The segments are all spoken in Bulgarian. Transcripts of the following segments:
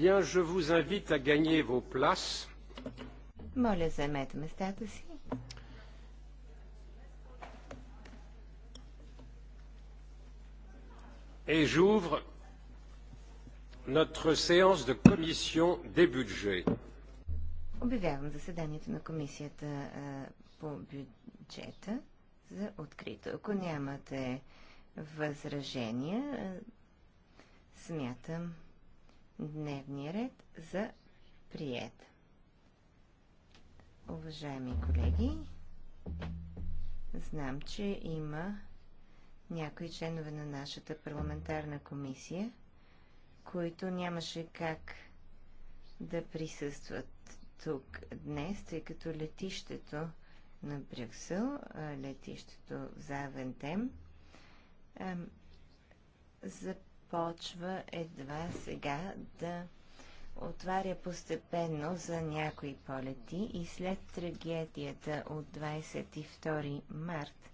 Bien, je vous invite à gagner vos places. Моля, заемете местата си. Et j'ouvre notre séance de commission des budgets. Обявявам заседанието на комисията по бюджета за открито. Ако нямате възражения, смятам дневния ред за прият. Уважаеми колеги, знам, че има някои членове на нашата парламентарна комисия, които нямаше как да присъстват тук днес, тъй като летището на Брюксел, летището в Завентем, за започва едва сега да отваря постепенно за някои полети и след трагедията от 22 март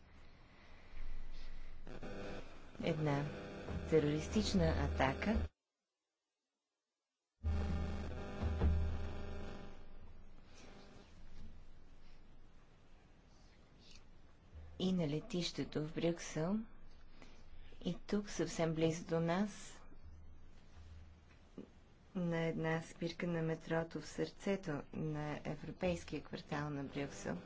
една терористична атака и на летището в Брюксел – и тук, съвсем близо до нас, на една спирка на метрото в сърцето на европейския квартал на Брюксел.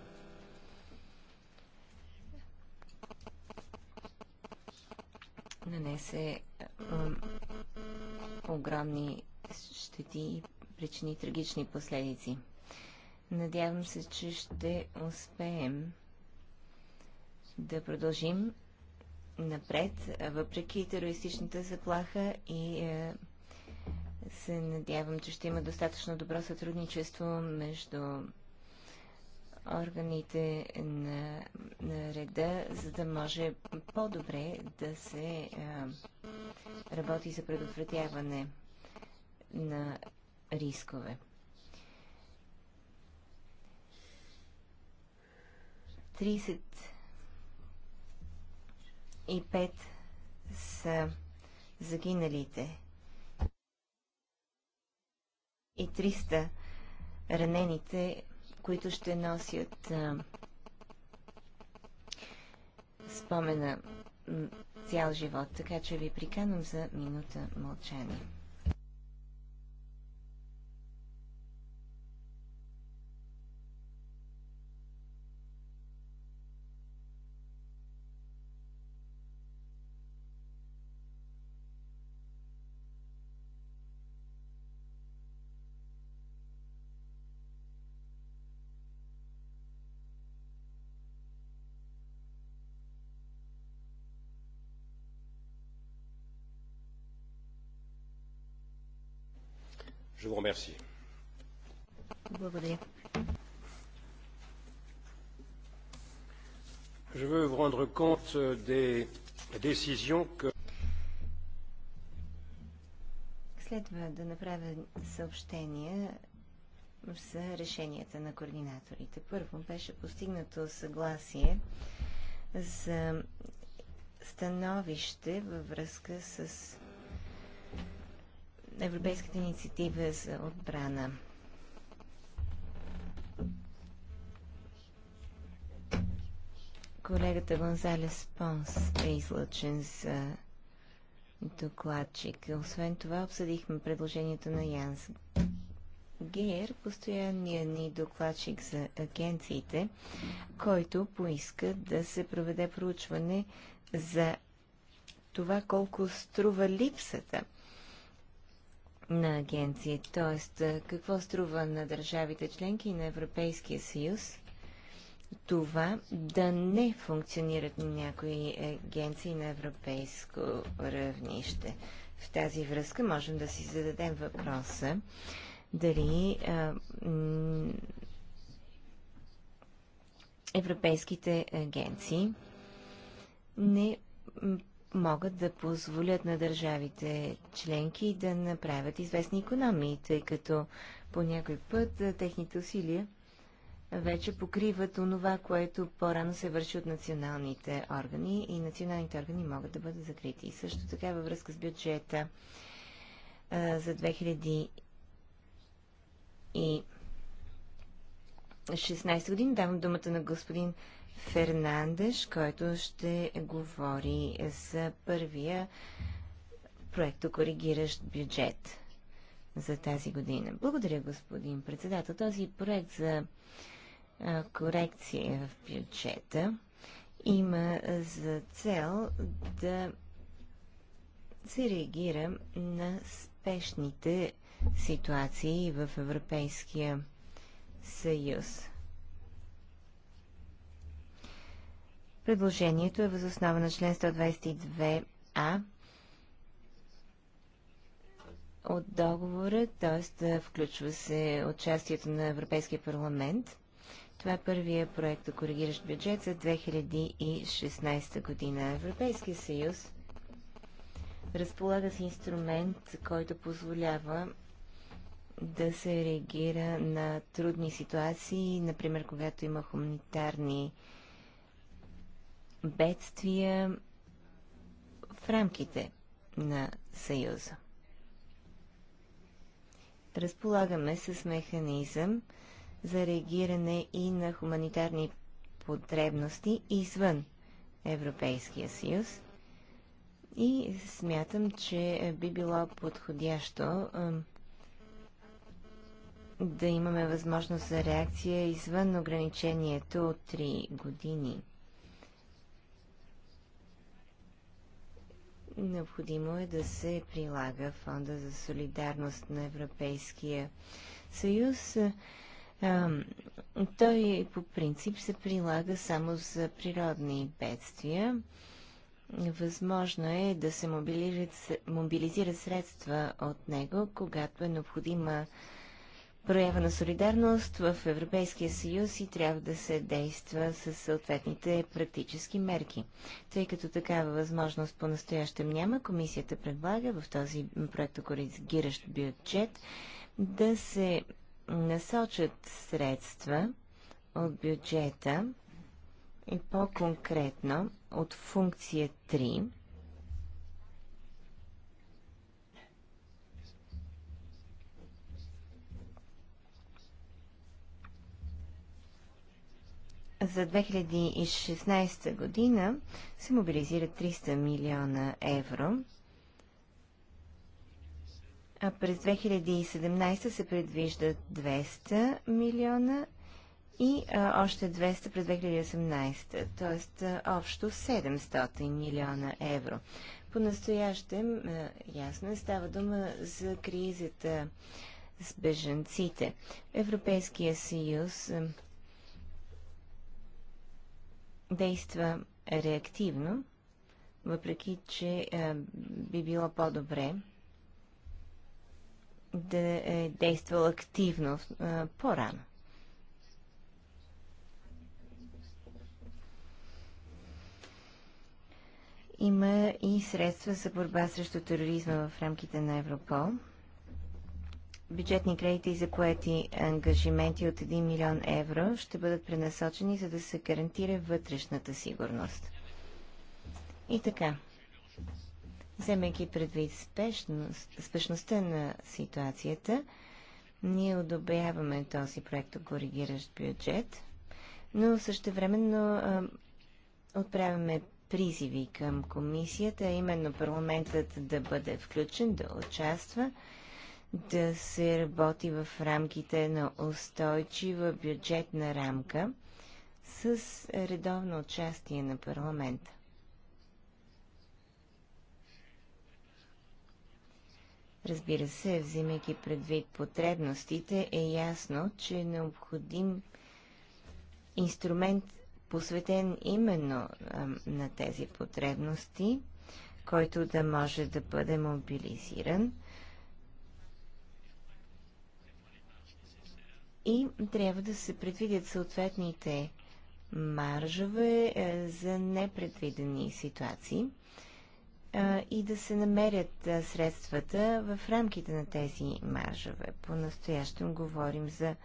Нанесе огромни щети и причини трагични последици. Надявам се, че ще успеем да продължим напред, въпреки терористичната заплаха и е, се надявам, че ще има достатъчно добро сътрудничество между органите на, на реда, за да може по-добре да се е, работи за предотвратяване на рискове. 30... 65 са загиналите и 300 ранените, които ще носят а, спомена цял живот. Така че ви приканвам за минута мълчание. Je vous remercie. Je veux vous rendre compte des décisions que Следва да направя съобщения за решенията на координаторите. Първо беше постигнато съгласие за становище във връзка с Европейската инициатива за отбрана. Колегата Гонзалес Понс е излъчен за докладчик. Освен това обсъдихме предложението на Янс Гейер, постоянния ни докладчик за агенциите, който поиска да се проведе проучване за това колко струва липсата на агенции, т.е. какво струва на държавите членки и на Европейския съюз това да не функционират някои агенции на европейско равнище. В тази връзка можем да си зададем въпроса дали а, европейските агенции не могат да позволят на държавите членки да направят известни економии, тъй като по някой път техните усилия вече покриват онова, което по-рано се върши от националните органи и националните органи могат да бъдат закрити. И също така във връзка с бюджета за 2016 година давам думата на господин Фернандеш, който ще говори за първия проекто коригиращ бюджет за тази година. Благодаря, господин председател. Този проект за корекция в бюджета има за цел да се реагира на спешните ситуации в Европейския съюз. Предложението е възоснова на член 122а от договора, т.е. включва се участието на Европейския парламент. Това е първия проект, коригиращ бюджет за 2016 година. Европейския съюз разполага с инструмент, който позволява да се реагира на трудни ситуации, например, когато има хуманитарни бедствия в рамките на Съюза. Разполагаме с механизъм за реагиране и на хуманитарни потребности извън Европейския съюз и смятам, че би било подходящо да имаме възможност за реакция извън ограничението от 3 години – необходимо е да се прилага Фонда за солидарност на Европейския съюз. той по принцип се прилага само за природни бедствия. Възможно е да се мобилизират средства от него, когато е необходима проява на солидарност в Европейския съюз и трябва да се действа с съответните практически мерки. Тъй като такава възможност по-настоящем няма, комисията предлага в този проект коригиращ бюджет да се насочат средства от бюджета и по-конкретно от функция 3 за 2016 година се мобилизират 300 милиона евро, а през 2017 се предвиждат 200 милиона и а, още 200 през 2018, т.е. общо 700 милиона евро. По-настоящем, ясно, е, става дума за кризата с беженците. Европейския съюз действа реактивно, въпреки че е, би било по-добре да е действал активно е, по-рано. Има и средства за борба срещу тероризма в рамките на Европол – бюджетни кредити за поети ангажименти от 1 милион евро ще бъдат пренасочени, за да се гарантира вътрешната сигурност. И така, вземайки предвид спешност, спешността на ситуацията, ние одобряваме този проект коригиращ бюджет, но същевременно а, отправяме призиви към комисията, именно парламентът да бъде включен, да участва – да се работи в рамките на устойчива бюджетна рамка с редовно участие на парламента. Разбира се, взимайки предвид потребностите, е ясно, че е необходим инструмент, посветен именно а, на тези потребности, който да може да бъде мобилизиран и трябва да се предвидят съответните маржове е, за непредвидени ситуации е, и да се намерят е, средствата в рамките на тези маржове. По-настоящем говорим за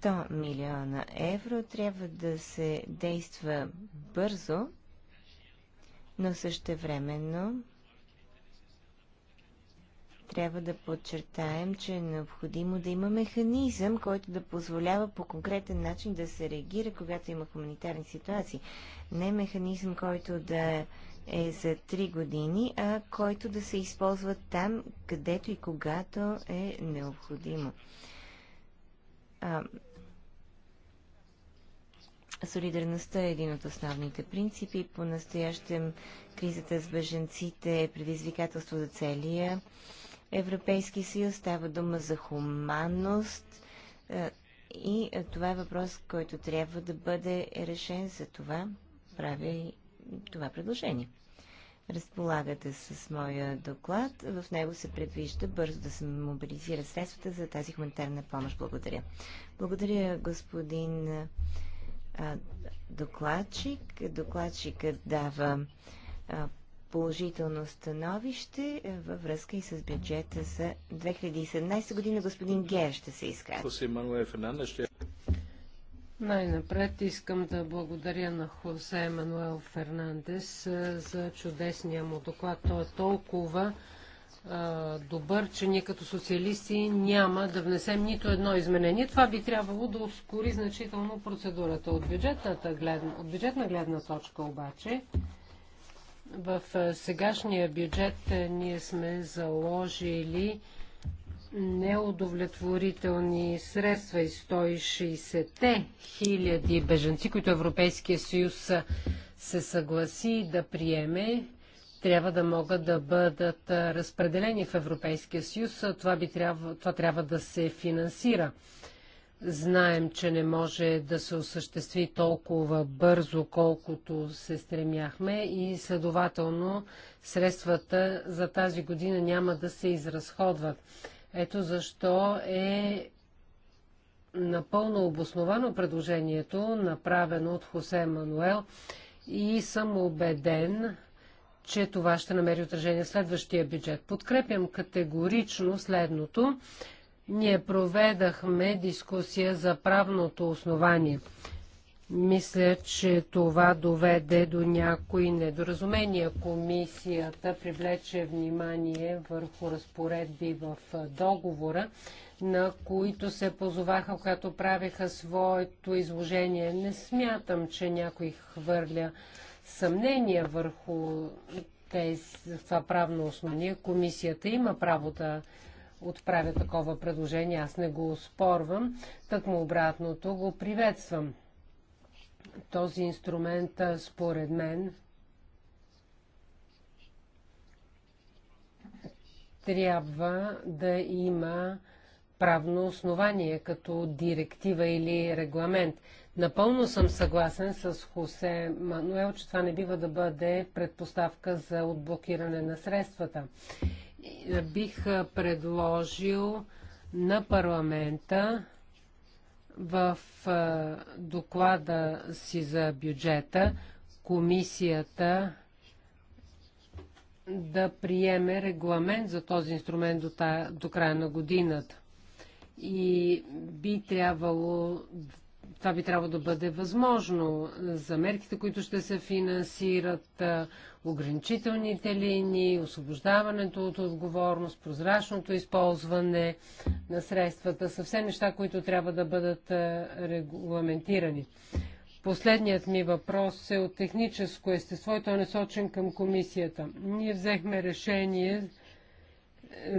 100 милиона евро. Трябва да се действа бързо, но същевременно трябва да подчертаем, че е необходимо да има механизъм, който да позволява по конкретен начин да се реагира, когато има хуманитарни ситуации. Не механизъм, който да е за 3 години, а който да се използва там, където и когато е необходимо. А, Солидарността е един от основните принципи. По-настоящем кризата с беженците е предизвикателство за целия Европейски съюз. Става дума за хуманност и това е въпрос, който трябва да бъде решен. За това правя и това предложение. Разполагате с моя доклад. В него се предвижда бързо да се мобилизира средствата за тази хуманитарна помощ. Благодаря. Благодаря, господин а, докладчик. Докладчикът дава а, положително становище е, във връзка и с бюджета за 2017 година. Господин Гер ще се изкаже. Най-напред искам да благодаря на Хосе Мануел Фернандес е, за чудесния му доклад. Той е толкова е, добър, че ние като социалисти няма да внесем нито едно изменение. Това би трябвало да ускори значително процедурата. От бюджетната гледна, от бюджетна гледна точка обаче в сегашния бюджет ние сме заложили неудовлетворителни средства и 160 хиляди беженци, които Европейския съюз се съгласи да приеме, трябва да могат да бъдат разпределени в Европейския съюз. Това, би трябва, това трябва да се финансира. Знаем, че не може да се осъществи толкова бързо, колкото се стремяхме и следователно средствата за тази година няма да се изразходват. Ето защо е напълно обосновано предложението, направено от Хосе Мануел и съм убеден, че това ще намери отражение в следващия бюджет. Подкрепям категорично следното ние проведахме дискусия за правното основание. Мисля, че това доведе до някои недоразумения. Комисията привлече внимание върху разпоредби в договора, на които се позоваха, когато правиха своето изложение. Не смятам, че някой хвърля съмнения върху тези, това правно основание. Комисията има право да отправя такова предложение. Аз не го спорвам, тък му обратното го приветствам. Този инструмент, според мен, трябва да има правно основание, като директива или регламент. Напълно съм съгласен с Хосе Мануел, че това не бива да бъде предпоставка за отблокиране на средствата бих предложил на парламента в доклада си за бюджета комисията да приеме регламент за този инструмент до, края на годината. И би трябвало това би трябвало да бъде възможно. За мерките, които ще се финансират, ограничителните линии, освобождаването от отговорност, прозрачното използване на средствата, са все неща, които трябва да бъдат регламентирани. Последният ми въпрос е от техническо естество и той е насочен към комисията. Ние взехме решение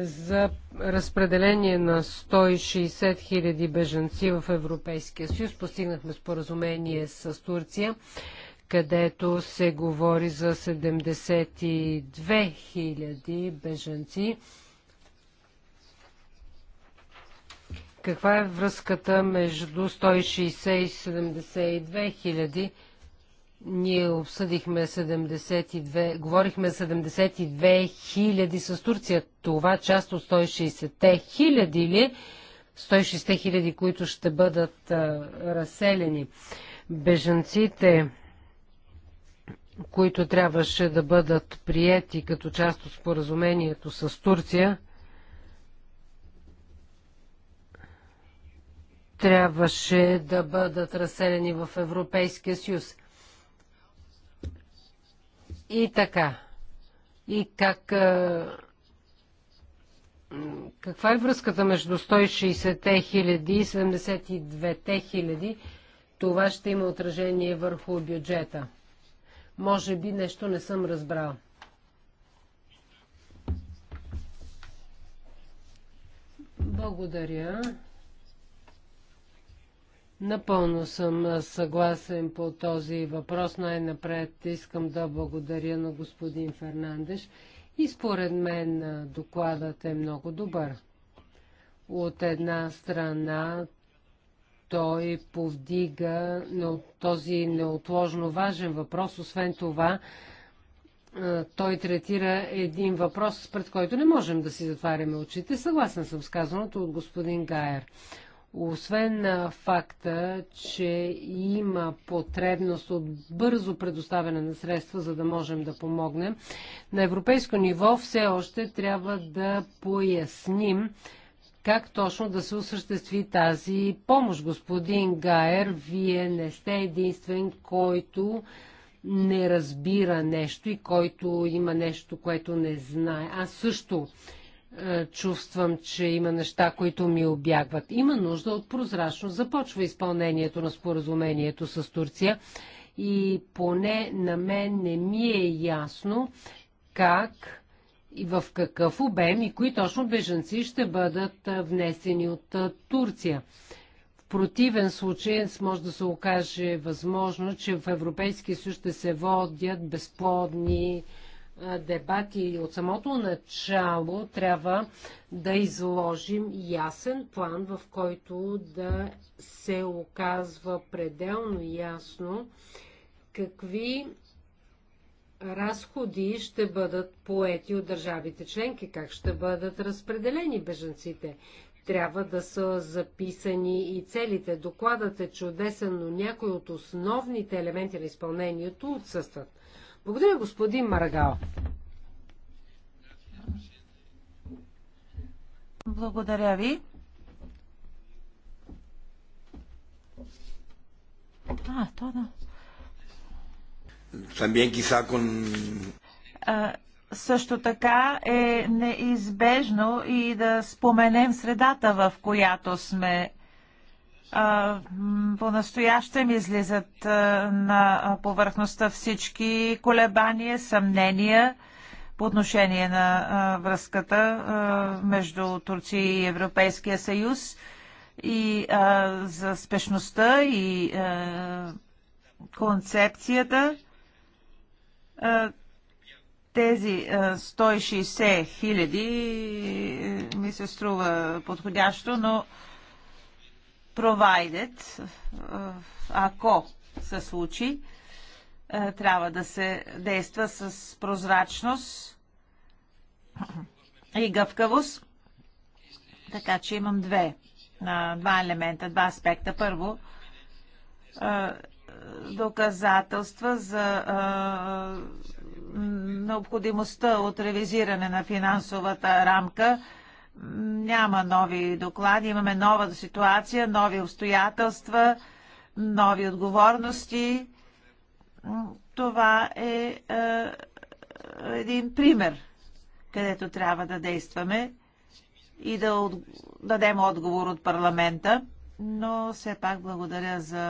за разпределение на 160 000 бежанци в Европейския съюз. Постигнахме споразумение с Турция, където се говори за 72 000 бежанци. Каква е връзката между 160 и 72 000? Ние обсъдихме 72, говорихме 72 хиляди с Турция. Това част от 160 хиляди ли? 160 хиляди, които ще бъдат а, разселени. Бежанците, които трябваше да бъдат приети като част от споразумението с Турция, трябваше да бъдат разселени в Европейския съюз. И така. И как... Каква е връзката между 160 хиляди и 72 хиляди? Това ще има отражение върху бюджета. Може би нещо не съм разбрал. Благодаря. Напълно съм съгласен по този въпрос. Най-напред искам да благодаря на господин Фернандеш и според мен докладът е много добър. От една страна той повдига този неотложно важен въпрос. Освен това, той третира един въпрос, пред който не можем да си затваряме очите. Съгласен съм с казаното от господин Гайер. Освен на факта, че има потребност от бързо предоставяне на средства, за да можем да помогнем, на европейско ниво все още трябва да поясним как точно да се осъществи тази помощ. Господин Гайер, вие не сте единствен, който не разбира нещо и който има нещо, което не знае. Аз също е, чувствам, че има неща, които ми обягват. Има нужда от прозрачност. Започва изпълнението на споразумението с Турция и поне на мен не ми е ясно как и в какъв обем и кои точно бежанци ще бъдат е, внесени от е, Турция. В противен случай може да се окаже възможно, че в Европейския съюз ще се водят безплодни дебати от самото начало трябва да изложим ясен план, в който да се оказва пределно ясно какви разходи ще бъдат поети от държавите членки, как ще бъдат разпределени беженците. Трябва да са записани и целите. Докладът е чудесен, но някои от основните елементи на изпълнението отсъстват. Благодаря, господин Марагал. Благодаря ви. А, то да. También quizá също така е неизбежно и да споменем средата, в която сме по-настоящем излизат на повърхността всички колебания, съмнения по отношение на връзката между Турция и Европейския съюз и за спешността и концепцията тези 160 хиляди ми се струва подходящо, но provided, ако се случи, е, трябва да се действа с прозрачност и гъвкавост. Така че имам две, два елемента, два аспекта. Първо, е, доказателства за е, необходимостта от ревизиране на финансовата рамка – няма нови доклади, имаме нова ситуация, нови обстоятелства, нови отговорности. Това е, е един пример, където трябва да действаме и да от... дадем отговор от парламента, но все пак благодаря за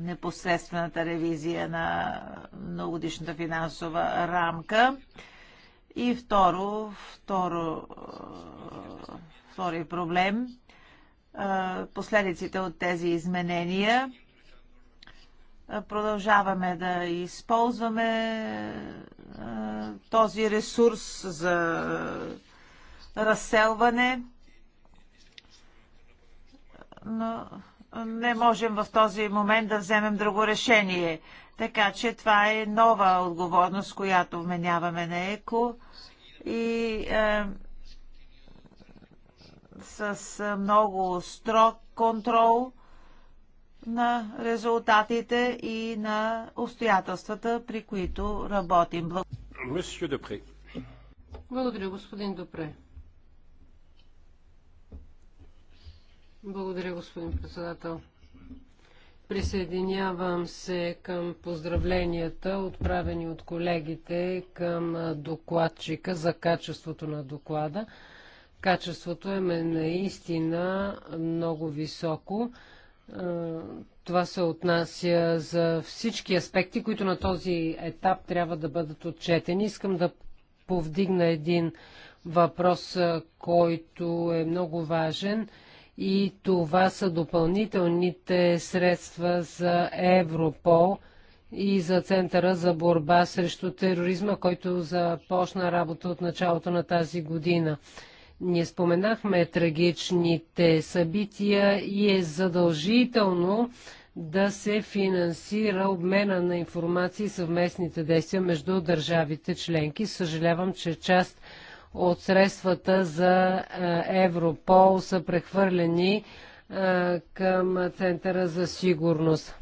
непосредствената ревизия на многодишната финансова рамка. И второ, второ, втори проблем последиците от тези изменения. Продължаваме да използваме този ресурс за разселване, но не можем в този момент да вземем друго решение. Така че това е нова отговорност, която вменяваме на ЕКО и е, с много строг контрол на резултатите и на обстоятелствата, при които работим. Благодаря, господин Допре. Благодаря, господин председател. Присъединявам се към поздравленията, отправени от колегите към докладчика за качеството на доклада. Качеството е наистина много високо. Това се отнася за всички аспекти, които на този етап трябва да бъдат отчетени. Искам да повдигна един въпрос, който е много важен – и това са допълнителните средства за Европол и за Центъра за борба срещу тероризма, който започна работа от началото на тази година. Ние споменахме трагичните събития и е задължително да се финансира обмена на информация и съвместните действия между държавите членки. Съжалявам, че част от средствата за е, Европол са прехвърлени е, към Центъра за сигурност.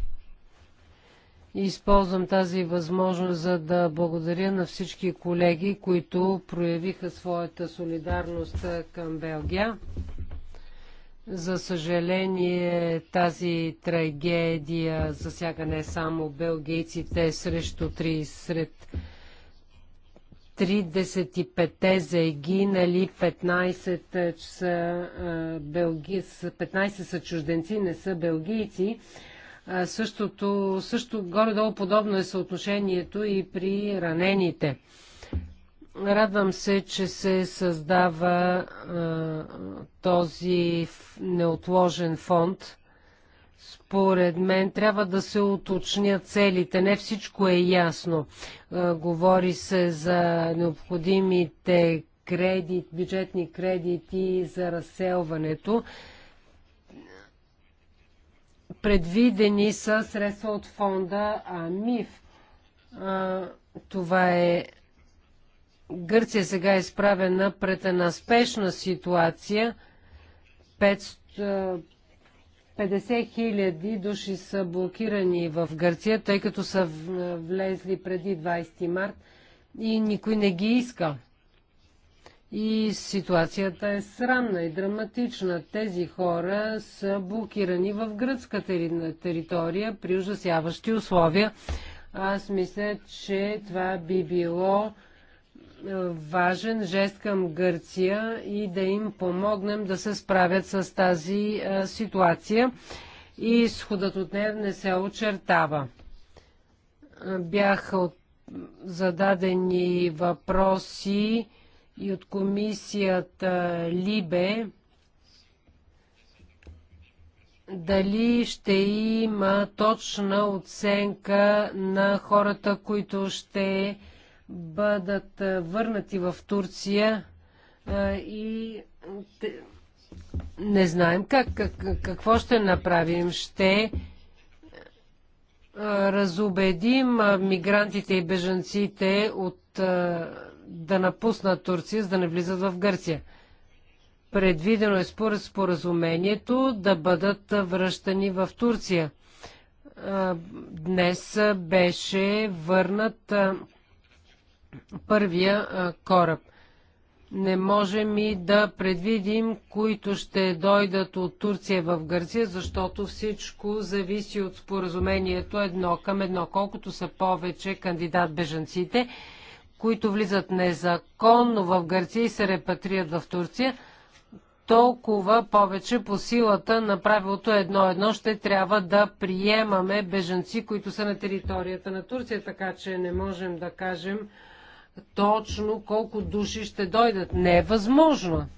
Използвам тази възможност за да благодаря на всички колеги, които проявиха своята солидарност е, към Белгия. За съжаление, тази трагедия засяга не само белгийците срещу 30, сред 35-те загинали, 15 е, са, е, белги... 15 са чужденци, не са белгийци. Е, същото, също горе-долу подобно е съотношението и при ранените. Радвам се, че се създава а, този неотложен фонд. Според мен трябва да се уточнят целите. Не всичко е ясно. Говори се за необходимите кредит, бюджетни кредити за разселването. Предвидени са средства от фонда АМИФ. Това е Гърция сега е изправена пред една спешна ситуация. 500, 50 000 души са блокирани в Гърция, тъй като са влезли преди 20 март и никой не ги иска. И ситуацията е срамна и драматична. Тези хора са блокирани в гръцката територия при ужасяващи условия. Аз мисля, че това би било важен жест към Гърция и да им помогнем да се справят с тази ситуация. И сходът от нея не се очертава. Бяха зададени въпроси и от комисията Либе дали ще има точна оценка на хората, които ще бъдат върнати в Турция и не знаем как, как, какво ще направим. Ще разобедим мигрантите и бежанците от да напуснат Турция, за да не влизат в Гърция. Предвидено е според споразумението да бъдат връщани в Турция. Днес беше върнат първия кораб. Не можем и да предвидим, които ще дойдат от Турция в Гърция, защото всичко зависи от споразумението едно към едно. Колкото са повече кандидат бежанците, които влизат незаконно в Гърция и се репатрият в Турция, толкова повече по силата на правилото едно-едно ще трябва да приемаме бежанци, които са на територията на Турция, така че не можем да кажем, точно колко души ще дойдат. Не е възможно.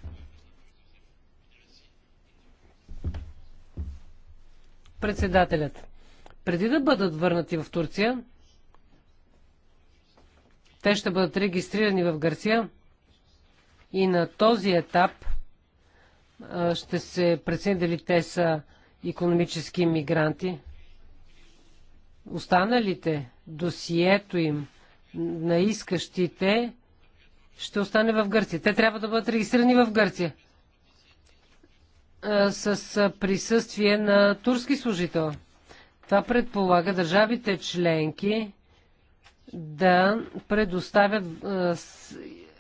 Председателят. Преди да бъдат върнати в Турция, те ще бъдат регистрирани в Гърция и на този етап ще се прецени дали те са економически мигранти. Останалите досието им на искащите ще остане в Гърция. Те трябва да бъдат регистрирани в Гърция с присъствие на турски служител. Това предполага държавите членки да предоставят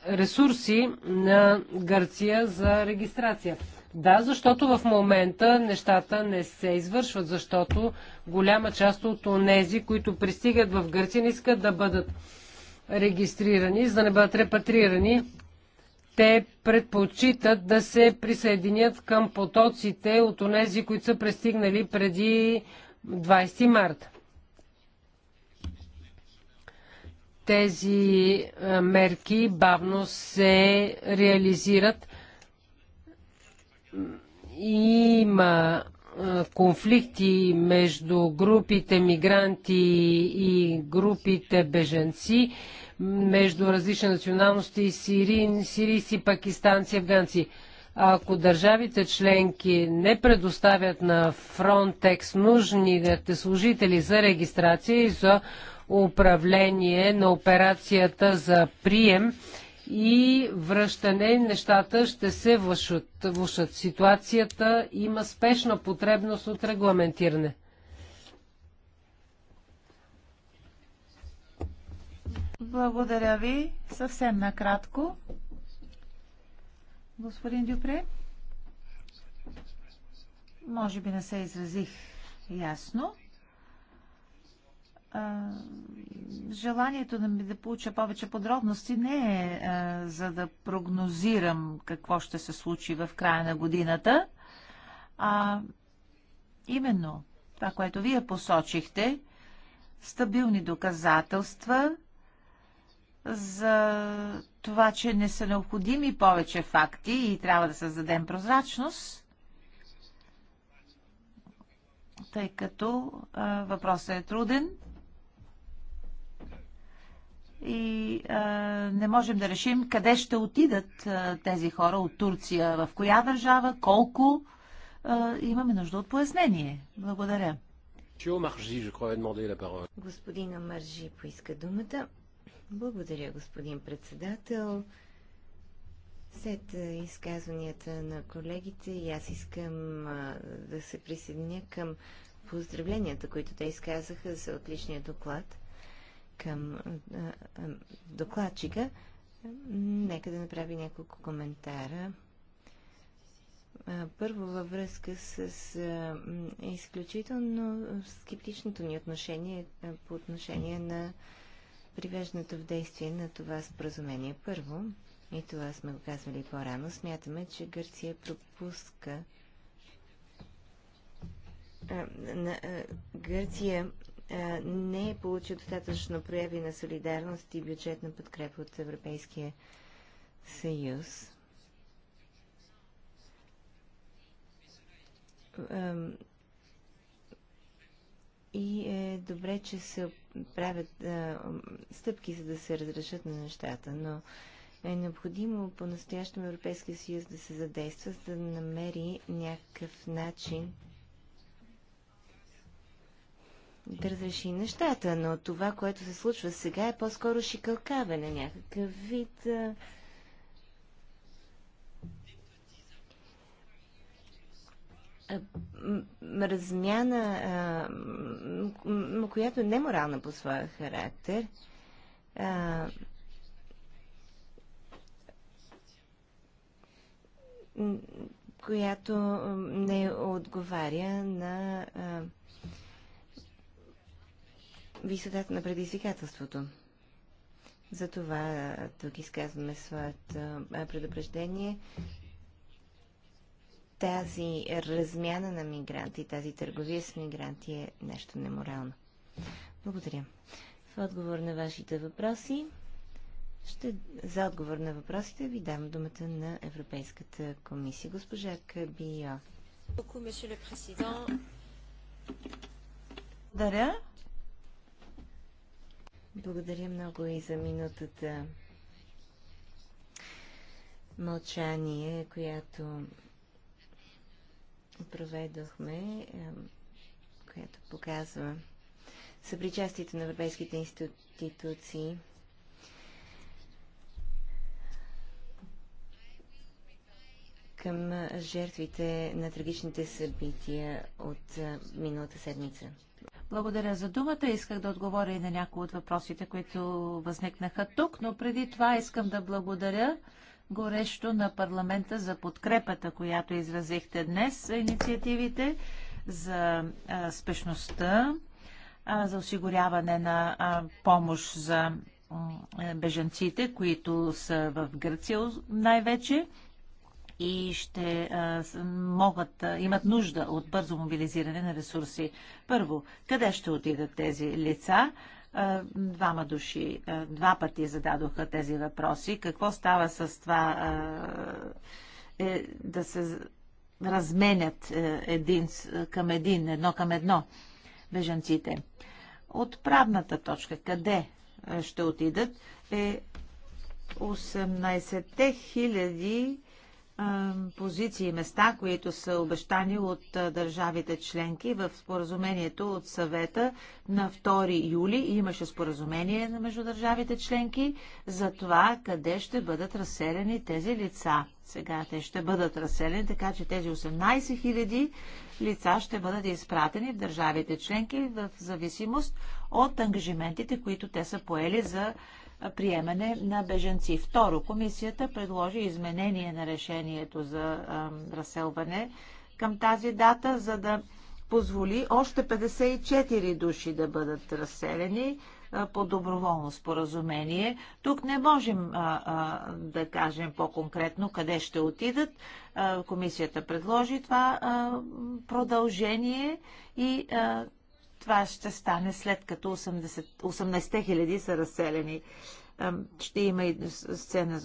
ресурси на Гърция за регистрация. Да, защото в момента нещата не се извършват, защото голяма част от онези, които пристигат в Гърция, не искат да бъдат регистрирани, за да не бъдат репатрирани. Те предпочитат да се присъединят към потоците от онези, които са пристигнали преди 20 марта. Тези мерки бавно се реализират. Има конфликти между групите мигранти и групите беженци между различни националности, сирин, сирийци, пакистанци, афганци. Ако държавите членки не предоставят на Frontex нужните служители за регистрация и за управление на операцията за прием и връщане, нещата ще се влушат. влушат. Ситуацията има спешна потребност от регламентиране. Благодаря ви. Съвсем накратко. Господин Дюпре, може би не се изразих ясно. Желанието да ми да получа повече подробности не е за да прогнозирам какво ще се случи в края на годината, а именно това, което вие посочихте, стабилни доказателства – за това, че не са необходими повече факти и трябва да създадем прозрачност, тъй като а, въпросът е труден и а, не можем да решим къде ще отидат а, тези хора от Турция, в коя държава, колко. А, имаме нужда от пояснение. Благодаря. Господин Амаржи поиска думата. Благодаря, господин председател. След изказванията на колегите и аз искам да се присъединя към поздравленията, които те изказаха за отличния доклад към докладчика. Нека да направи няколко коментара. Първо във връзка с изключително скептичното ни отношение по отношение на привеждането в действие на това споразумение. Първо, и това сме го казвали по-рано, смятаме, че Гърция пропуска а, на, а, Гърция а, не е получил достатъчно прояви на солидарност и бюджетна подкрепа от Европейския съюз. и е добре, че се правят а, стъпки, за да се разрешат на нещата, но е необходимо по-настоящем Европейския съюз да се задейства, за да намери някакъв начин да разреши нещата, но това, което се случва сега е по-скоро на някакъв вид а, размяна, а, която е неморална по своя характер, а, която не отговаря на а, висотата на предизвикателството. Затова тук изказваме своето предупреждение тази размяна на мигранти, тази търговия с мигранти е нещо неморално. Благодаря. В отговор на вашите въпроси, ще, за отговор на въпросите ви дам думата на Европейската комисия. Госпожа Кабио. Благодаря. Благодаря много и за минутата мълчание, която проведохме, която показва съпричастието на европейските институции към е, жертвите на трагичните събития от е, миналата седмица. Благодаря за думата. Исках да отговоря и на някои от въпросите, които възникнаха тук, но преди това искам да благодаря горещо на парламента за подкрепата, която изразихте днес за инициативите, за спешността, за осигуряване на помощ за е, бежанците, които са в Гърция най-вече и ще а, могат, а, имат нужда от бързо мобилизиране на ресурси. Първо, къде ще отидат тези лица? Е, двама души, е, два пъти зададоха тези въпроси. Какво става с това е, е да се разменят един към един, едно към едно бежанците? Отправната точка, къде ще отидат, е 18 хиляди позиции и места, които са обещани от държавите членки в споразумението от съвета на 2 юли. Имаше споразумение между държавите членки за това къде ще бъдат разселени тези лица. Сега те ще бъдат разселени, така че тези 18 000 лица ще бъдат изпратени в държавите членки в зависимост от ангажиментите, които те са поели за приемане на беженци. Второ, комисията предложи изменение на решението за разселване към тази дата, за да позволи още 54 души да бъдат разселени по доброволно споразумение. Тук не можем а, а, да кажем по-конкретно къде ще отидат. А, комисията предложи това а, продължение и а, това ще стане след като 80, 18 хиляди са разселени. Ще има и сцена,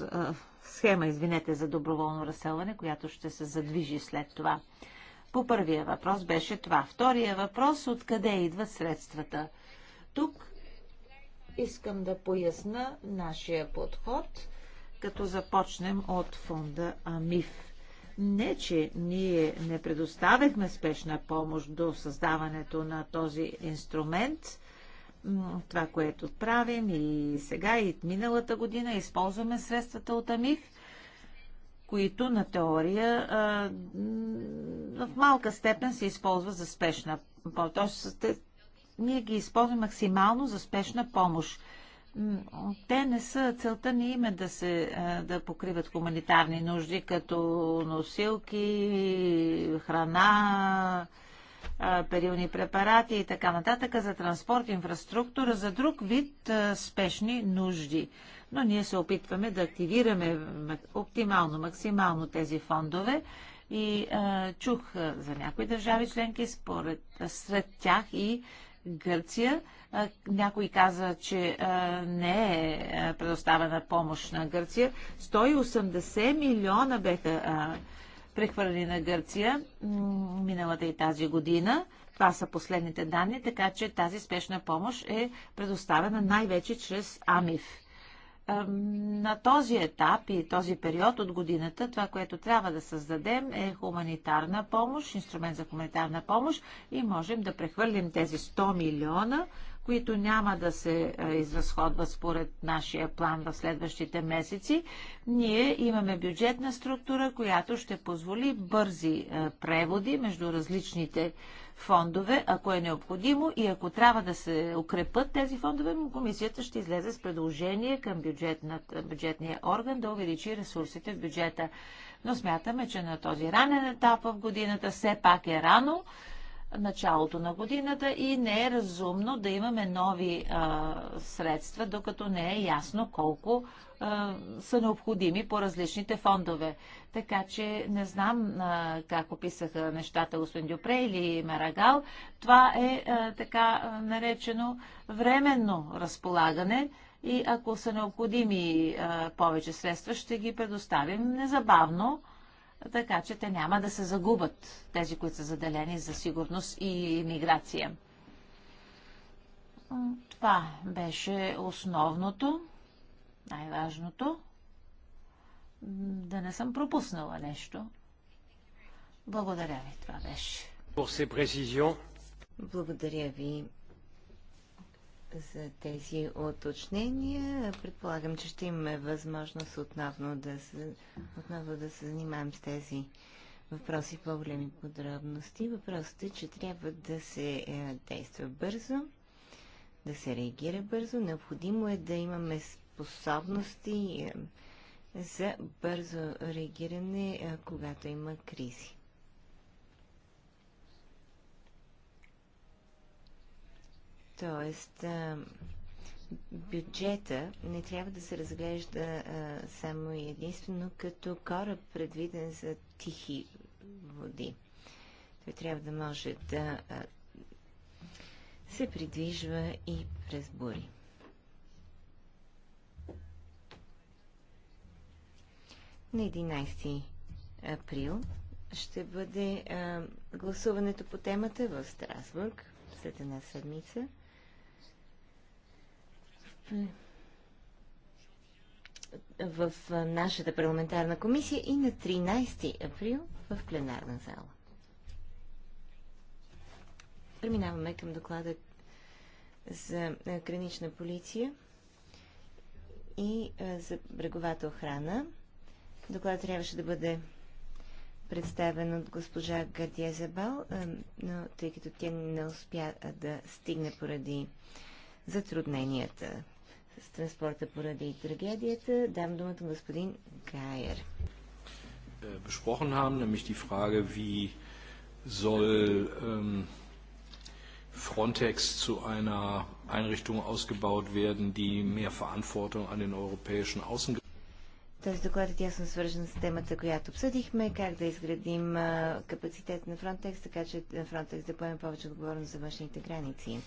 схема, извинете, за доброволно разселване, която ще се задвижи след това. По първия въпрос беше това. Втория въпрос – откъде идват средствата? Тук искам да поясна нашия подход, като започнем от фонда АМИФ. Не, че ние не предоставяхме спешна помощ до създаването на този инструмент. Това, което правим и сега, и миналата година, използваме средствата от АМИФ които на теория а, в малка степен се използва за спешна помощ. Ние ги използваме максимално за спешна помощ те не са, целта не им е да се е, да покриват хуманитарни нужди, като носилки, храна, е, периодни препарати и така нататък, за транспорт, инфраструктура, за друг вид е, спешни нужди. Но ние се опитваме да активираме оптимално, максимално тези фондове и а, чух за някои държави членки, според, сред тях и Гърция, някой каза, че не е предоставена помощ на Гърция. 180 милиона беха прехвърлени на Гърция миналата и тази година. Това са последните данни, така че тази спешна помощ е предоставена най-вече чрез АМИФ. На този етап и този период от годината това, което трябва да създадем е хуманитарна помощ, инструмент за хуманитарна помощ и можем да прехвърлим тези 100 милиона които няма да се е, изразходват според нашия план в следващите месеци. Ние имаме бюджетна структура, която ще позволи бързи е, преводи между различните фондове, ако е необходимо и ако трябва да се укрепат тези фондове, комисията ще излезе с предложение към е, бюджетния орган да увеличи ресурсите в бюджета. Но смятаме, че на този ранен етап в годината все пак е рано началото на годината и не е разумно да имаме нови а, средства, докато не е ясно колко а, са необходими по различните фондове. Така че не знам а, как описаха нещата господин Дюпре или Марагал. Това е а, така наречено временно разполагане и ако са необходими а, повече средства, ще ги предоставим незабавно така че те няма да се загубят, тези, които са заделени за сигурност и миграция. Това беше основното, най-важното. Да не съм пропуснала нещо. Благодаря ви, това беше. Благодаря ви за тези уточнения. Предполагам, че ще имаме възможност отново да се, отново да се занимаем с тези въпроси по-големи подробности. Въпросът е, че трябва да се е, действа бързо, да се реагира бързо. Необходимо е да имаме способности е, за бързо реагиране, е, когато има кризи. Тоест, бюджета не трябва да се разглежда само и единствено като кораб, предвиден за тихи води. Той трябва да може да се придвижва и през бури. На 11 април ще бъде а, гласуването по темата в Страсбург след една седмица в нашата парламентарна комисия и на 13 април в пленарна зала. Преминаваме към доклада за гранична полиция и за бреговата охрана. Докладът трябваше да бъде представен от госпожа Гардия Забал, но тъй като тя не успя да стигне поради затрудненията с транспорта поради трагедията. Дам думата на господин Гайер. Е, Besprochen haben, nämlich die Frage, wie soll ähm, Frontex zu einer Einrichtung ausgebaut werden, die mehr Verantwortung an den europäischen Außen. Този доклад е тясно свържен с темата, която обсъдихме, как да изградим капацитет на Frontex, така че Frontex да поеме повече отговорност за външните граници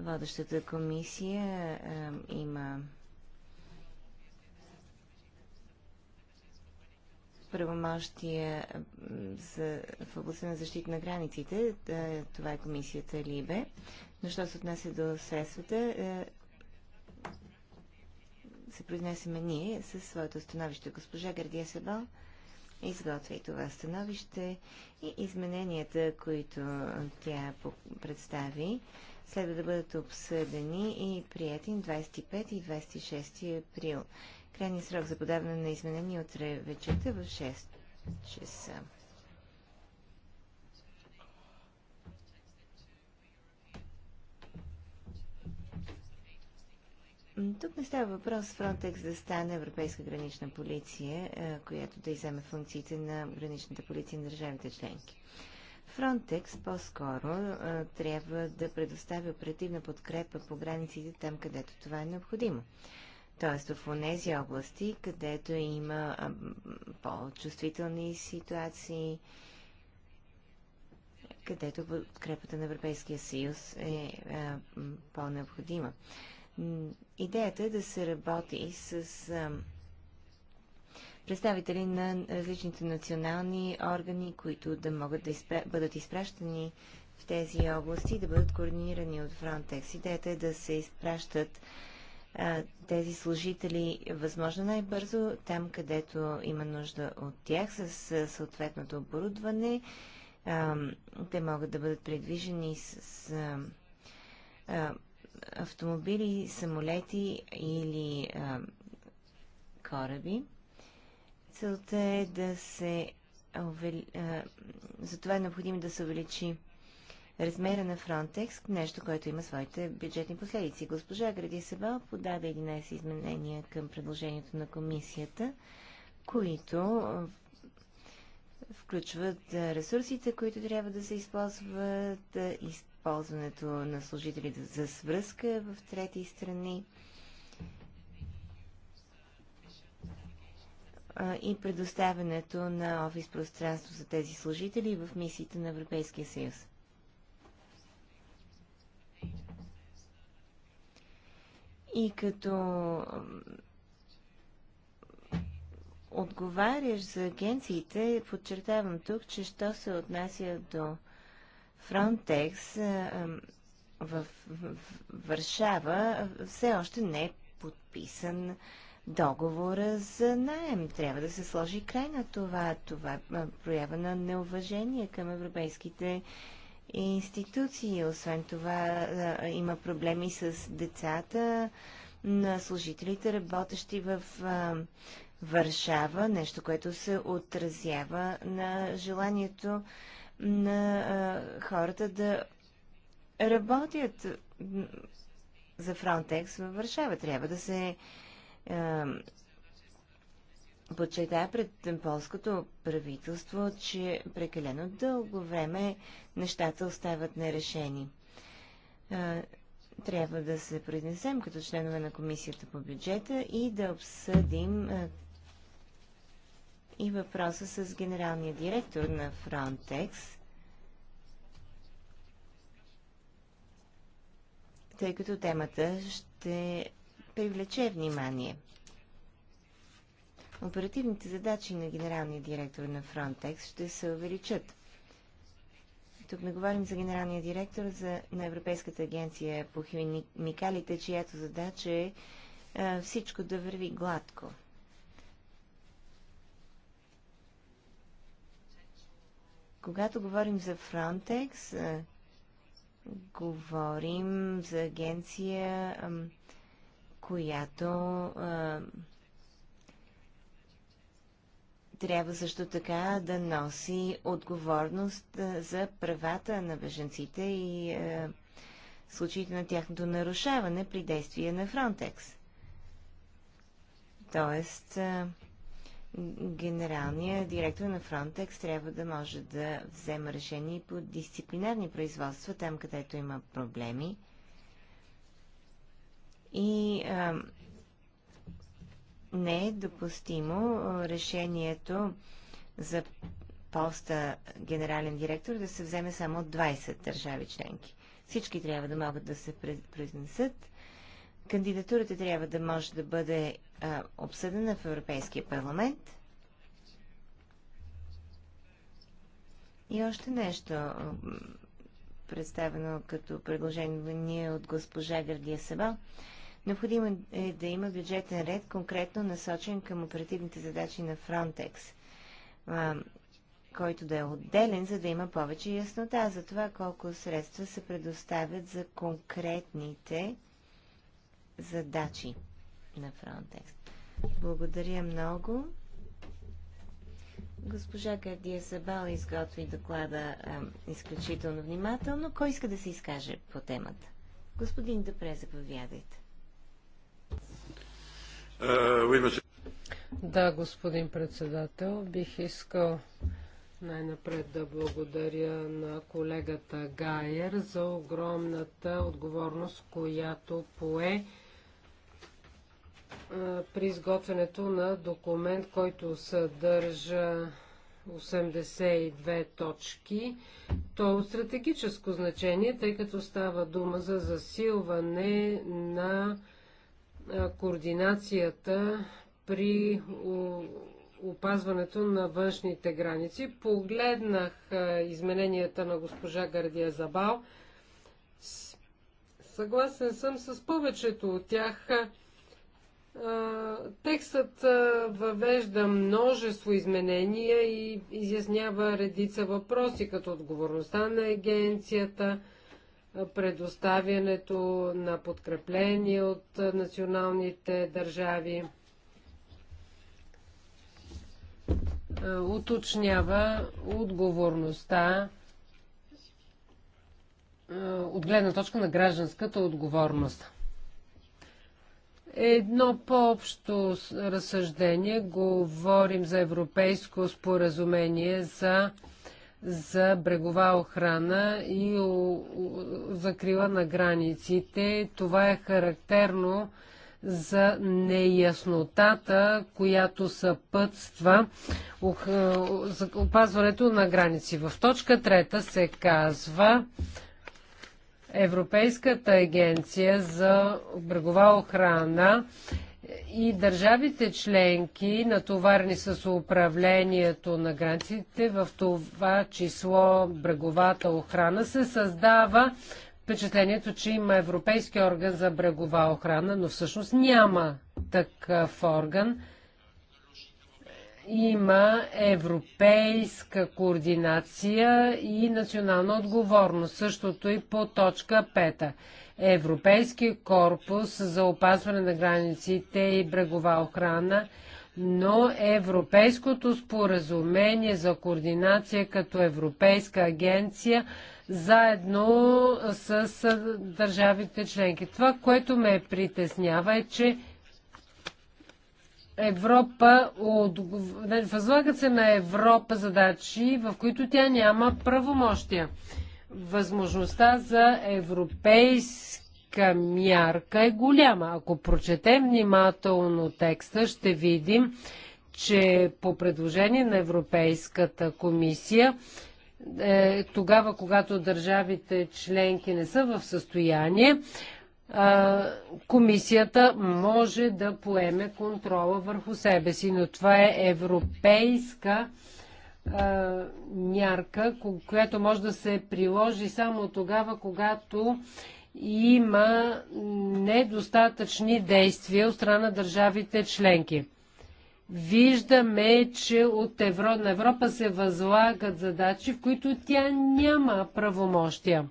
водещата комисия а, е, има правомощия за, в областта на защита на границите. Е, това е комисията Либе. Но що се отнася до средствата, е, се произнесеме ние със своето становище. Госпожа Гардия Себал изготвя и това становище и измененията, които тя представи следва да бъдат обсъдени и прияти на 25 и 26 април. Крайният срок за подаване на изменения утре вечерта в 6 часа. Тук не става въпрос Фронтекс да стане Европейска гранична полиция, която да иземе функциите на граничната полиция на държавите членки. Фронтекс по-скоро трябва да предоставя оперативна подкрепа по границите там, където това е необходимо. Тоест в тези области, където има по-чувствителни ситуации, където подкрепата на Европейския съюз е по-необходима. Идеята е да се работи с представители на различните национални органи, които да могат да изпра... бъдат изпращани в тези области, да бъдат координирани от Frontex. Идеята е да се изпращат а, тези служители възможно най-бързо там, където има нужда от тях с а, съответното оборудване. А, те могат да бъдат предвижени с, с автомобили, самолети или кораби. Целта е да се увели... затова е необходимо да се увеличи размера на Frontex, нещо, което има своите бюджетни последици. Госпожа Гради Сабал подаде 11 изменения към предложението на комисията, които включват ресурсите, които трябва да се използват, използването на служителите за свръзка в трети страни, и предоставянето на офис пространство за тези служители в мисиите на Европейския съюз. И като отговаряш за агенциите, подчертавам тук, че що се отнася до Frontex в Варшава, все още не е подписан договора за найем. Трябва да се сложи край на това. Това е проява на неуважение към европейските институции. Освен това има проблеми с децата на служителите, работещи в Варшава, нещо, което се отразява на желанието на хората да работят за Фронтекс във Варшава. Трябва да се подчерта пред полското правителство, че прекалено дълго време нещата остават нерешени. Трябва да се произнесем като членове на Комисията по бюджета и да обсъдим и въпроса с генералния директор на Frontex, тъй като темата ще привлече внимание. Оперативните задачи на генералния директор на Frontex ще се увеличат. Тук не говорим за генералния директор за, на Европейската агенция по химикалите, чиято задача е а, всичко да върви гладко. Когато говорим за Frontex, а, говорим за агенция. А, която а, трябва също така да носи отговорност за правата на беженците и а, случаите на тяхното нарушаване при действие на Фронтекс. Тоест, а, генералният директор на Фронтекс трябва да може да взема решение по дисциплинарни производства, там където има проблеми и а, не е допустимо решението за поста генерален директор да се вземе само от 20 държави членки. Всички трябва да могат да се произнесат. Кандидатурата трябва да може да бъде а, обсъдена в Европейския парламент. И още нещо, представено като предложение от госпожа Гърдия Сабал. Необходимо е да има бюджетен ред, конкретно насочен към оперативните задачи на Frontex, който да е отделен, за да има повече яснота за това колко средства се предоставят за конкретните задачи на Frontex. Благодаря много. Госпожа Гардия Сабал изготви доклада а, изключително внимателно. Кой иска да се изкаже по темата? Господин Депре, заповядайте. Е, да, господин председател, бих искал най-напред да благодаря на колегата Гайер за огромната отговорност, която пое е, при изготвянето на документ, който съдържа 82 точки. То е от стратегическо значение, тъй като става дума за засилване на координацията при опазването на външните граници. Погледнах измененията на госпожа Гардия Забал. Съгласен съм с повечето от тях. Текстът въвежда множество изменения и изяснява редица въпроси, като отговорността на агенцията – предоставянето на подкрепление от националните държави. Уточнява отговорността от гледна точка на гражданската отговорност. Едно по-общо разсъждение. Говорим за европейско споразумение за за брегова охрана и закрила на границите. Това е характерно за неяснотата, която съпътства е, опазването на граници. В точка трета се казва Европейската агенция за брегова охрана и държавите членки, натоварени с управлението на границите, в това число бреговата охрана, се създава впечатлението, че има Европейски орган за брегова охрана, но всъщност няма такъв орган. Има европейска координация и национална отговорност. Същото и по точка 5. Европейски корпус за опазване на границите и брегова охрана, но Европейското споразумение за координация като Европейска агенция заедно с държавите членки. Това, което ме притеснява е, че Европа от... възлагат се на Европа задачи, в които тя няма правомощия възможността за европейска мярка е голяма. Ако прочетем внимателно текста, ще видим, че по предложение на Европейската комисия е, тогава, когато държавите членки не са в състояние, е, комисията може да поеме контрола върху себе си, но това е европейска мярка, която може да се приложи само тогава, когато има недостатъчни действия от страна държавите членки. Виждаме, че от Евро, на Европа се възлагат задачи, в които тя няма правомощия.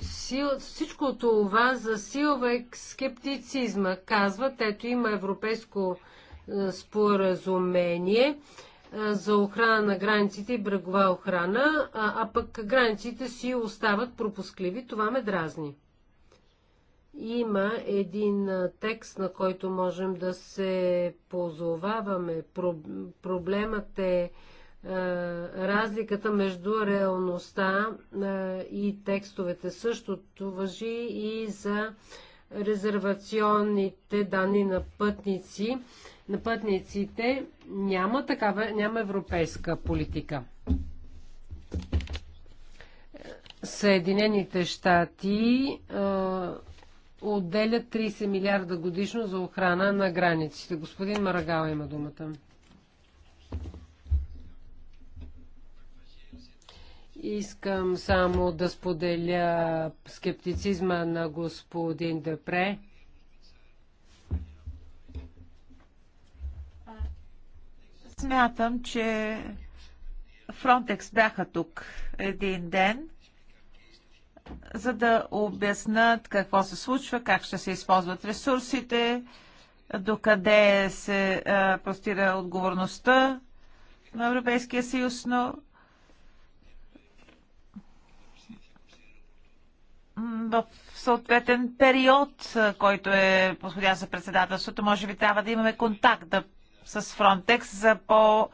сил... всичко това засилва скептицизма. Казват, ето има европейско споразумение за охрана на границите и брегова охрана, а, а пък границите си остават пропускливи. Това ме дразни. Има един текст, на който можем да се позоваваме. Проблемът е разликата между реалността и текстовете. Същото въжи и за резервационните данни на пътници на пътниците, няма такава, няма европейска политика. Съединените щати а, отделят 30 милиарда годишно за охрана на границите. Господин Марагал има думата. Искам само да споделя скептицизма на господин Депре. Смятам, че Фронтекс бяха тук един ден, за да обяснат какво се случва, как ще се използват ресурсите, докъде се а, простира отговорността на Европейския съюз, но в съответен период, който е подходящ за председателството, може би трябва да имаме контакт, да с Frontex за по...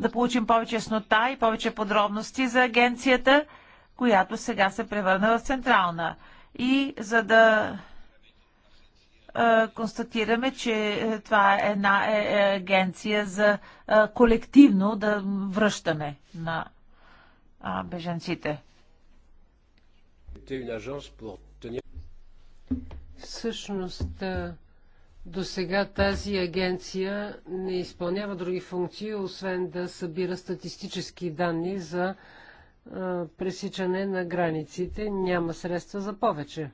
да получим повече яснота и повече подробности за агенцията, която сега се превърна в централна. И за да констатираме, че това е една е, е, агенция за колективно да връщане на беженците. Всъщност, до сега тази агенция не изпълнява други функции, освен да събира статистически данни за а, пресичане на границите. Няма средства за повече.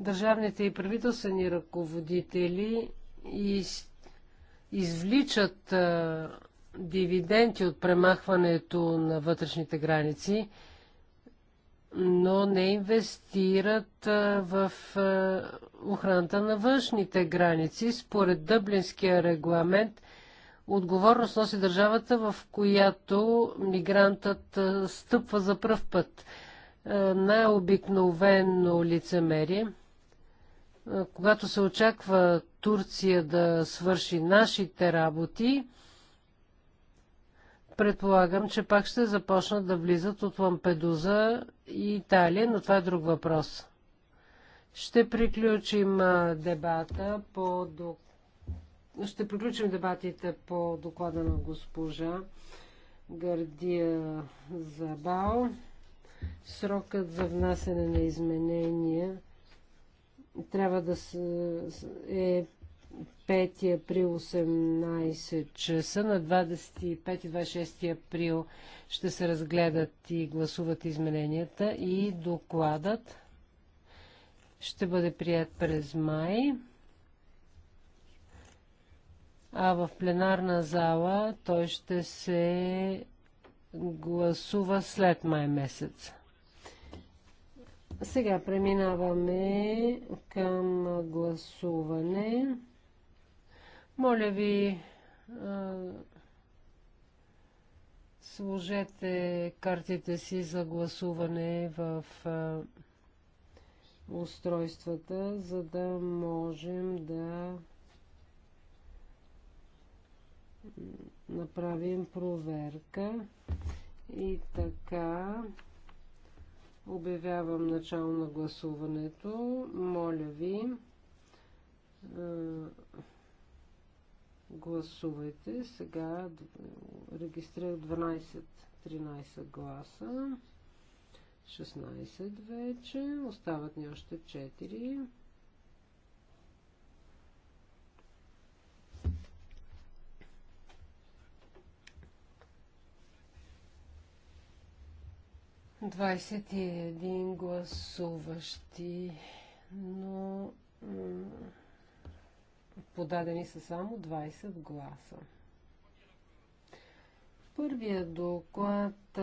Държавните и правителствени ръководители из... извличат а, дивиденти от премахването на вътрешните граници – но не инвестират в охраната на външните граници. Според Дъблинския регламент отговорност носи държавата, в която мигрантът стъпва за пръв път. Най-обикновено лицемерие. Когато се очаква Турция да свърши нашите работи, Предполагам, че пак ще започнат да влизат от Лампедуза и Италия, но това е друг въпрос. Ще приключим дебата по ще приключим дебатите по доклада на госпожа Гардия Забао. Срокът за внасене на изменения трябва да е 5 април 18 часа. На 25 и 26 април ще се разгледат и гласуват измененията и докладът ще бъде прият през май. А в пленарна зала той ще се гласува след май месец. Сега преминаваме към гласуване. Моля ви, сложете картите си за гласуване в устройствата, за да можем да направим проверка. И така, обявявам начало на гласуването. Моля ви, гласувайте. Сега регистрирах 12-13 гласа. 16 вече. Остават ни още 4. Двадесет и един гласуващи, но подадени са само 20 гласа. Първият доклад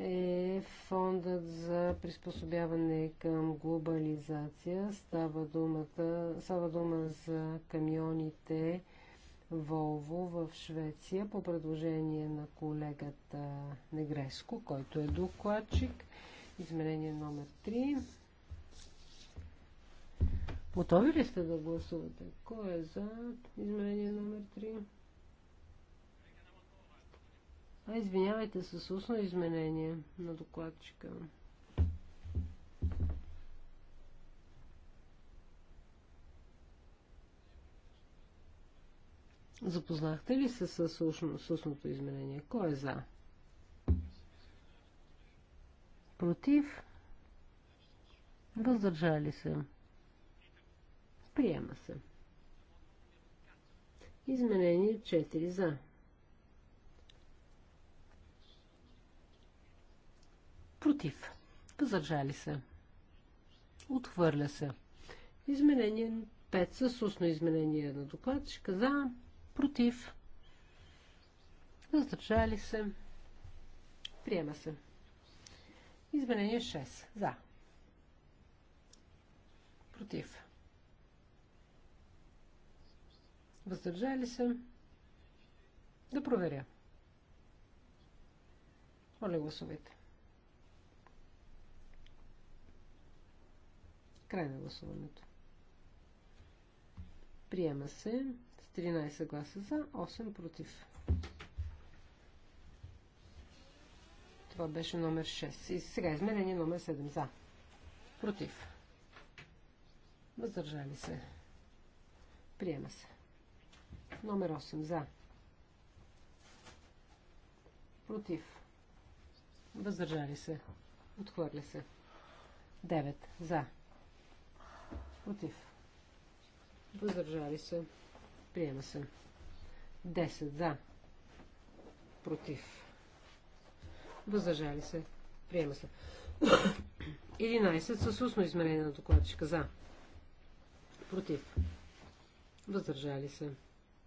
е фондът за приспособяване към глобализация. Става, думата, става дума за камионите Волво в Швеция по предложение на колегата Негреско, който е докладчик. Измерение номер 3. Готови ли сте да гласувате? Кой е за изменение номер 3? А, извинявайте, с устно изменение на докладчика. Запознахте ли се с устно, устното изменение? Кой е за? Против? Въздържали се. Приема се. Изменение 4 за. Против. Въздържали се. Отхвърля се. Изменение 5 с устно изменение на докладчика за. Против. Въздържали се. Приема се. Изменение 6. За. Против. Въздържали се? Да проверя. Моля, гласувайте. Край на гласуването. Приема се с 13 гласа за, 8 против. Това беше номер 6. И сега измерение номер 7 за. Против. Въздържали се. Приема се. Номер 8. За. Против. Въздържали се. Отхвърля се. 9. За. Против. Въздържали се. Приема се. 10. За. Против. Въздържали се. Приема се. 11. С устно измерение на докладчика. За. Против. Въздържали се.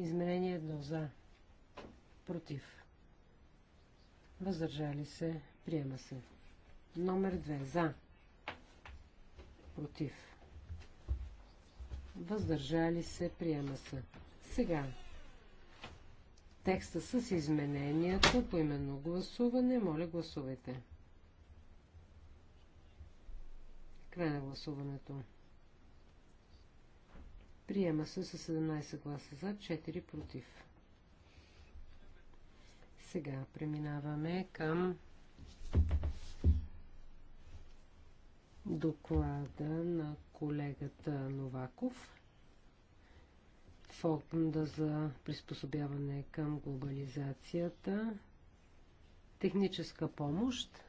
Изменение едно за. Против. Въздържали се. Приема се. Номер 2. За. Против. Въздържали се. Приема се. Сега. Текста с изменението по именно гласуване. Моля, гласувайте. Край на гласуването. Приема се с 17 гласа за, 4 против. Сега преминаваме към доклада на колегата Новаков. Фонда за приспособяване към глобализацията. Техническа помощ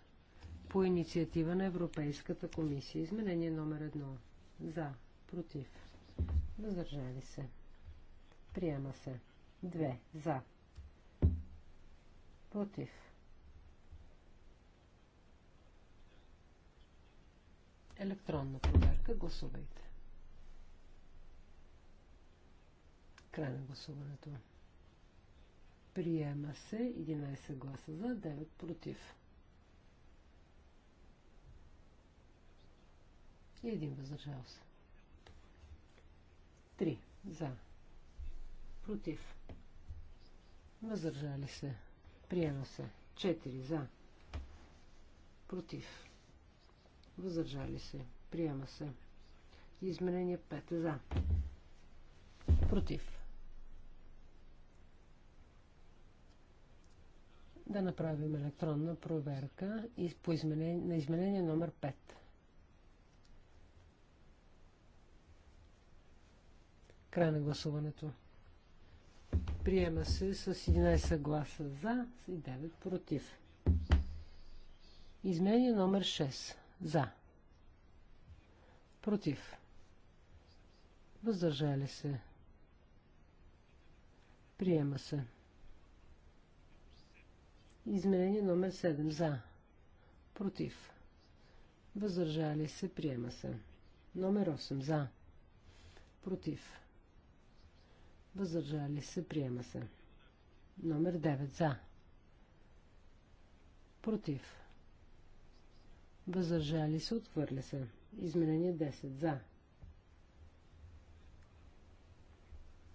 по инициатива на Европейската комисия. Изменение номер едно. За. Против. Въздържали се. Приема се. 2. За. Против. Електронна проверка. Гласувайте. Край на гласуването. Приема се 11 гласа за, 9 против. И един въздържал се. 3 за. Против. Въздържали се. Приема се. 4 за. Против. Въздържали се. Приема се. Изменение 5 за. Против. Да направим електронна проверка на изменение номер 5. Край на гласуването. Приема се с 11 гласа за и 9 против. Изменение номер 6. За. Против. Въздържали се. Приема се. Изменение номер 7. За. Против. Въздържали се. Приема се. Номер 8. За. Против. Въздържали се. Приема се. Номер 9. За. Против. Въздържали се. Отхвърля се. Изменение 10. За.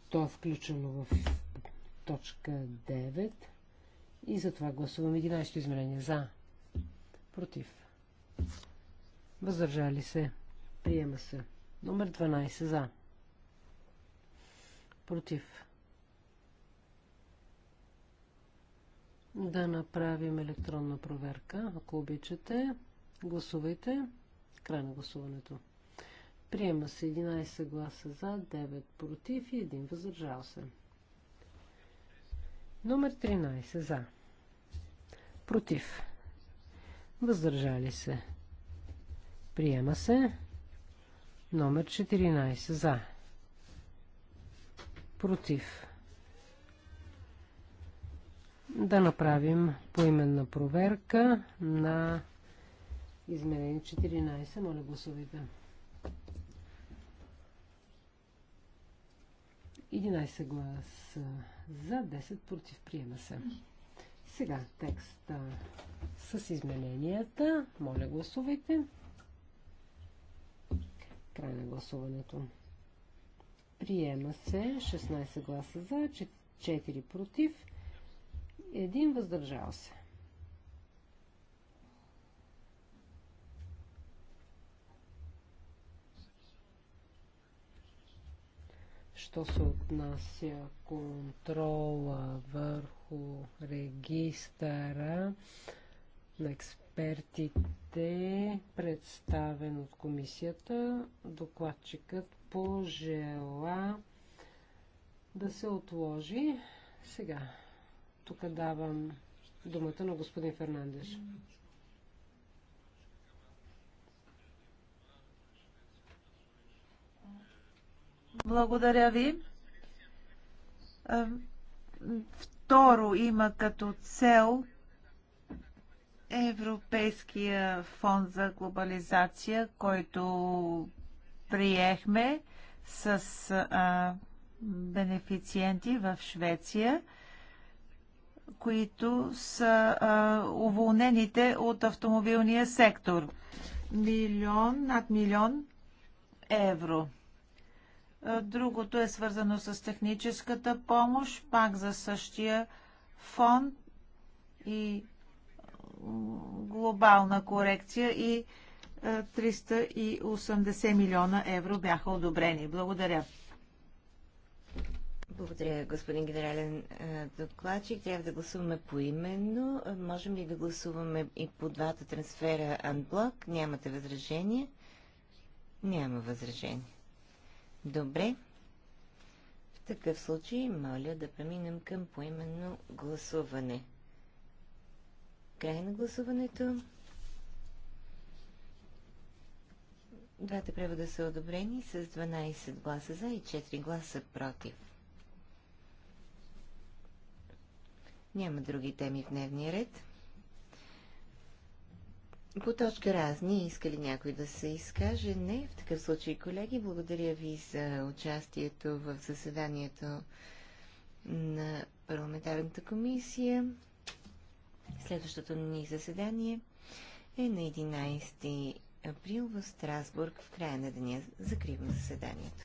То е включено в точка 9. И затова гласуваме 11 измерение. За. Против. Въздържали се. Приема се. Номер 12. За. Против. Да направим електронна проверка, ако обичате. Гласувайте. Край на гласуването. Приема се 11 гласа за, 9 против и 1 въздържал се. Номер 13 за. Против. Въздържали се. Приема се. Номер 14 за. Против. Да направим поименна проверка на изменение 14. Моля гласувайте. 11 гласа за, 10 против. Приема се. Сега текста с измененията. Моля гласувайте. Край на гласуването. Приема се 16 гласа за, 4 против, 1 въздържал се. Що се отнася контрола върху регистъра на експертите, представен от комисията, докладчикът пожела да се отложи. Сега, тук давам думата на господин Фернандеш. Благодаря ви. Второ има като цел Европейския фонд за глобализация, който приехме с а, бенефициенти в Швеция, които са а, уволнените от автомобилния сектор. Милион, над милион евро. Другото е свързано с техническата помощ, пак за същия фонд и глобална корекция и 380 милиона евро бяха одобрени. Благодаря. Благодаря, господин генерален е, докладчик. Трябва да гласуваме поименно. Можем ли да гласуваме и по двата трансфера анблок? Нямате възражение? Няма възражение. Добре. В такъв случай, моля да преминем към поименно гласуване. Край на гласуването. Двата превода са одобрени с 12 гласа за и 4 гласа против. Няма други теми в дневния ред. По точка разни, иска ли някой да се изкаже? Не. В такъв случай, колеги, благодаря ви за участието в заседанието на парламентарната комисия. Следващото ни заседание е на 11 април в Страсбург в края на деня. Закривам заседанието.